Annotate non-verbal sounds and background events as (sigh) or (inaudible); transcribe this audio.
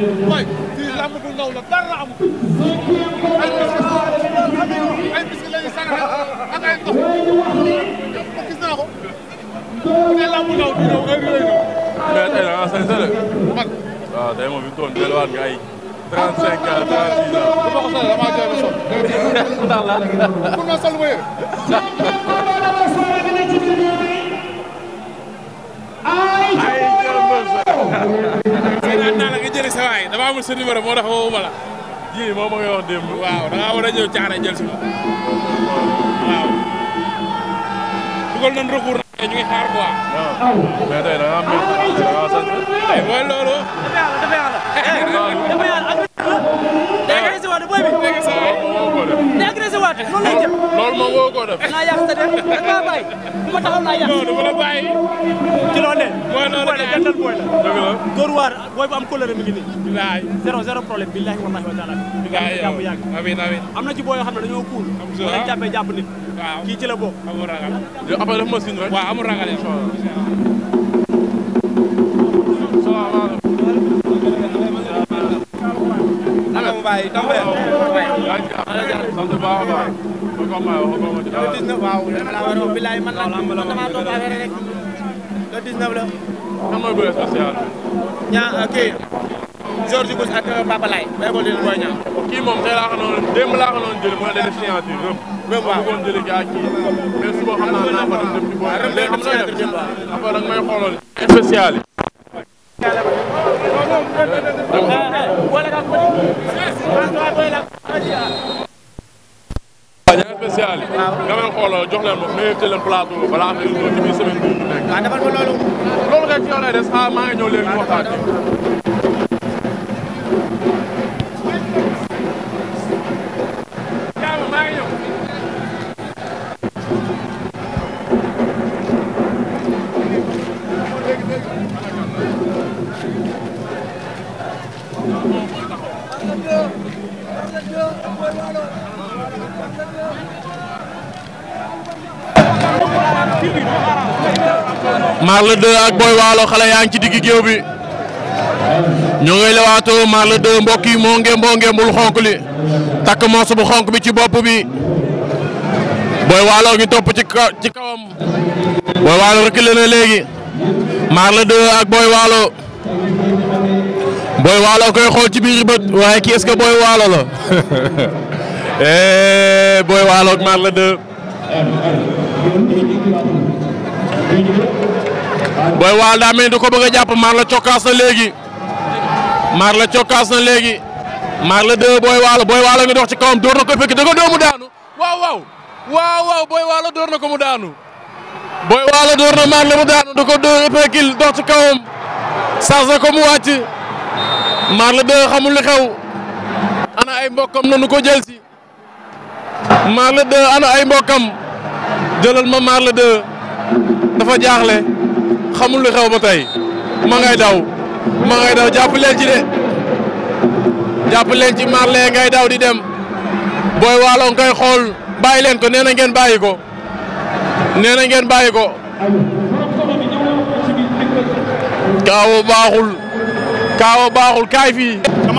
mooy fii làmb bu ndaw la dara amul ay biscuit ay biscuit la ñuy saraxe ak ay ndox gis naa ko te làmb bu ndaw du ñëw heure yooyu ñëw. mais tey da ngaa sañse de. man waaw ah, tey moom fi mu toll nii delluwaat nga ay 35 ans 36 ans. bu ma ko soxla damaa jooy ba soxla. ndax la pour ma sol ma yëre. ay jërëjëf. dama amul sa numéro moo tax woowuma la. ji moom ma koy wax démb. waaw da ngaa war a ñëw caare jël si ma. waaw. dugal nañ recours nag ñu ngi xaar quoi. waaw mais tey da ngaa mel da ngaa sant. ay mooy loolu. dafa yàlla dafa yàlla. dafa yàlla ak. dégg nga si wàllu boy bi. dégg nga sa waay. agressé waat noonu lay def. loolu moom woo koo def. naa yàq sa def da nga bàyyi bu ma taxaw naa yàq. non du ma la bàyyi. ci loolee. mooy noonu la gàttal booy la. dëgg la góor waar booy bu am kóllëre mi ngi nii. bilaay zéro zéro problème bilaay wallahi wa taala. bilaay yow amiin amiin. am na ci booy yoo xam ne dañoo kuul. am solo waaw jàppee jàpp nit. waaw kii ci la bokk. amul ragal yow après dafa ma sin rek. waaw amul ragal incha allah. salaamaaleykum. allo. allo. allo. sant bu baax a baax. ma ko may wax ma ko ma. le 19 waaw dama la war a wax bilaay man la man damaa toog affaire rek. le 19 la. kan mooy bëre spécial bi. ñaa kii. Georges Bouss ak euh, Papa Laye. bay ko leen booy ñaaw. kii moom tey laa ko noonu démb laa ko noonu jëli mooy leen signature rëbb. rëbb waaw bëggoon jëli gaa kii. mais suba xam naa naa ko def ci booy. waaw rëbb day am signature jël waaw. après nag may xoolal spécial yi. si Ali. waaw nga leen xoolal jox leen ma mais te leen plateau balaa nga ñëw ci biir semaine boobu nekk. waaw defal ma loolu. loolu kay ci yow lay des ah maa ngi ñëw léegi ñu waxtaan Thank you. Marle 2 ak booy Waalo xale yaa ngi ci digg géew bi ñoo ngay lewaatoo Marle 2 mbokk yi moo ngem boo ngembul li takk moosu bu xonk bi ci bopp bi Boy Waalo ngi topp ci ci kawam Boy Waalo reculé na léegi Marle 2 ak booy Waalo Boy Waalo koy xool ci biir bët waaye kii est-ce que Waalo la (laughs) eh booy waaloog maar la de booy waal daa mel ni da ko bëgg a jàpp la cokkaas na léegi maar la cokkaas na la de booy waalo booy waalo ngi dox ci kawam door na ko fekk da ko doomu daanu waaw waaw waaw waalo door na ko mu daanu booy waalo door na maar mu daanu da ko dóor fekkil dox ci kawam sas na ko mu wàcc maar la de xamul li xew ana ay ko jël si Marle 2 ana ay mbokkam jëlal ma Marle 2 dafa jaaxle xamul lu xew ba tey ma ngay daw ma ngay daw jàpp leen ci de jàpp leen ci Marle ngay daw di dem booy waalo nga koy xool bàyyi leen ko nee na ngeen bàyyi ko nee na ngeen bàyyi ko kaawo baaxul kaawo baaxul kaay fii